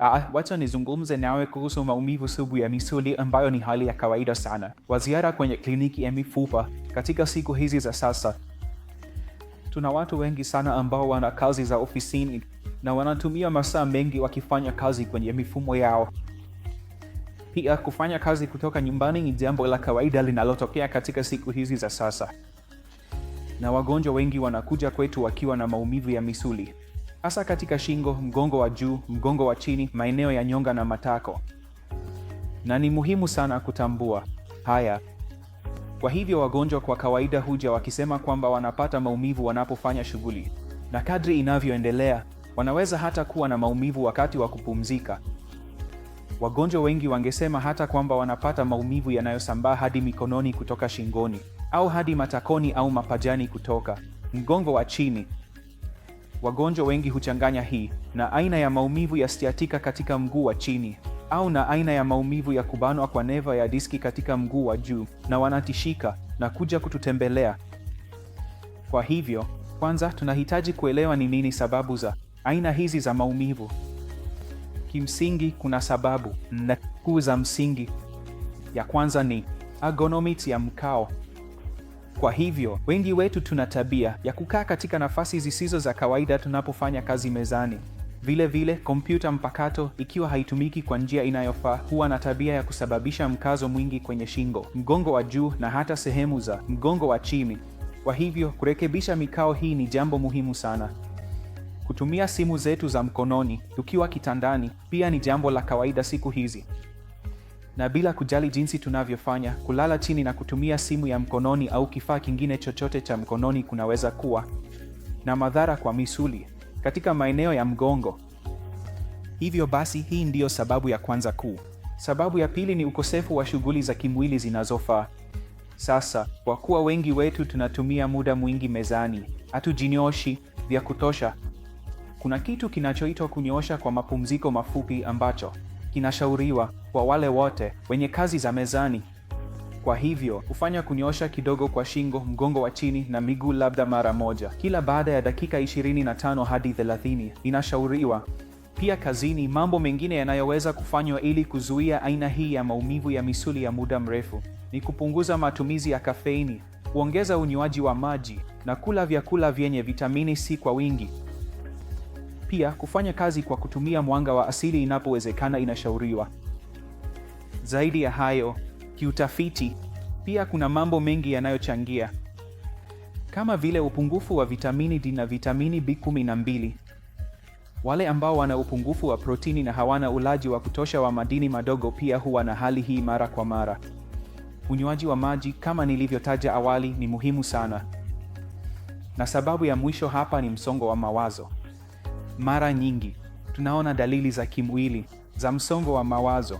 watu ah, ah, wacha nizungumze nawe kuhusu maumivu sugu ya misuli ambayo ni hali ya kawaida sana kwa ziara kwenye kliniki ya mifupa katika siku hizi za sasa. Tuna watu wengi sana ambao wana kazi za ofisini na wanatumia masaa mengi wakifanya kazi kwenye mifumo yao. Pia kufanya kazi kutoka nyumbani ni jambo la kawaida linalotokea katika siku hizi za sasa, na wagonjwa wengi wanakuja kwetu wakiwa na maumivu ya misuli hasa katika shingo, mgongo wa juu, mgongo wa chini, maeneo ya nyonga na matako, na ni muhimu sana kutambua haya. Kwa hivyo wagonjwa kwa kawaida huja wakisema kwamba wanapata maumivu wanapofanya shughuli, na kadri inavyoendelea wanaweza hata kuwa na maumivu wakati wa kupumzika. Wagonjwa wengi wangesema hata kwamba wanapata maumivu yanayosambaa hadi mikononi kutoka shingoni au hadi matakoni au mapajani kutoka mgongo wa chini. Wagonjwa wengi huchanganya hii na aina ya maumivu ya sciatica katika mguu wa chini au na aina ya maumivu ya kubanwa kwa neva ya diski katika mguu wa juu, na wanatishika na kuja kututembelea. Kwa hivyo, kwanza tunahitaji kuelewa ni nini sababu za aina hizi za maumivu. Kimsingi, kuna sababu nne kuu za msingi. Ya kwanza ni ergonomics ya mkao kwa hivyo wengi wetu tuna tabia ya kukaa katika nafasi zisizo za kawaida tunapofanya kazi mezani. Vile vile, kompyuta mpakato ikiwa haitumiki kwa njia inayofaa huwa na tabia ya kusababisha mkazo mwingi kwenye shingo, mgongo wa juu na hata sehemu za mgongo wa chini. Kwa hivyo kurekebisha mikao hii ni jambo muhimu sana. Kutumia simu zetu za mkononi tukiwa kitandani pia ni jambo la kawaida siku hizi na bila kujali jinsi tunavyofanya, kulala chini na kutumia simu ya mkononi au kifaa kingine chochote cha mkononi kunaweza kuwa na madhara kwa misuli katika maeneo ya mgongo. Hivyo basi, hii ndiyo sababu ya kwanza kuu. Sababu ya pili ni ukosefu wa shughuli za kimwili zinazofaa. Sasa, kwa kuwa wengi wetu tunatumia muda mwingi mezani, hatujinyoshi vya kutosha. Kuna kitu kinachoitwa kunyoosha kwa mapumziko mafupi ambacho kinashauriwa kwa wale wote wenye kazi za mezani. Kwa hivyo hufanya kunyosha kidogo kwa shingo, mgongo wa chini na miguu labda mara moja kila baada ya dakika 25 hadi 30 inashauriwa. Pia kazini, mambo mengine yanayoweza kufanywa ili kuzuia aina hii ya maumivu ya misuli ya muda mrefu ni kupunguza matumizi ya kafeini, kuongeza unywaji wa maji na kula vyakula vyenye vitamini C kwa wingi. Pia kufanya kazi kwa kutumia mwanga wa asili inapowezekana inashauriwa. Zaidi ya hayo, kiutafiti pia kuna mambo mengi yanayochangia kama vile upungufu wa vitamini D na vitamini B12. Wale ambao wana upungufu wa protini na hawana ulaji wa kutosha wa madini madogo pia huwa na hali hii mara kwa mara. Unywaji wa maji kama nilivyotaja awali ni muhimu sana. Na sababu ya mwisho hapa ni msongo wa mawazo. Mara nyingi tunaona dalili za kimwili za msongo wa mawazo,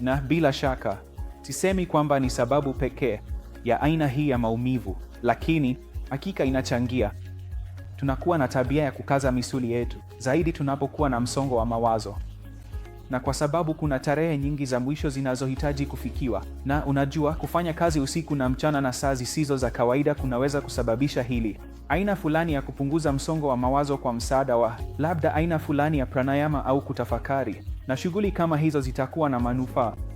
na bila shaka sisemi kwamba ni sababu pekee ya aina hii ya maumivu, lakini hakika inachangia. Tunakuwa na tabia ya kukaza misuli yetu zaidi tunapokuwa na msongo wa mawazo, na kwa sababu kuna tarehe nyingi za mwisho zinazohitaji kufikiwa, na unajua, kufanya kazi usiku na mchana na saa zisizo za kawaida kunaweza kusababisha hili aina fulani ya kupunguza msongo wa mawazo kwa msaada wa labda aina fulani ya pranayama au kutafakari, na shughuli kama hizo zitakuwa na manufaa.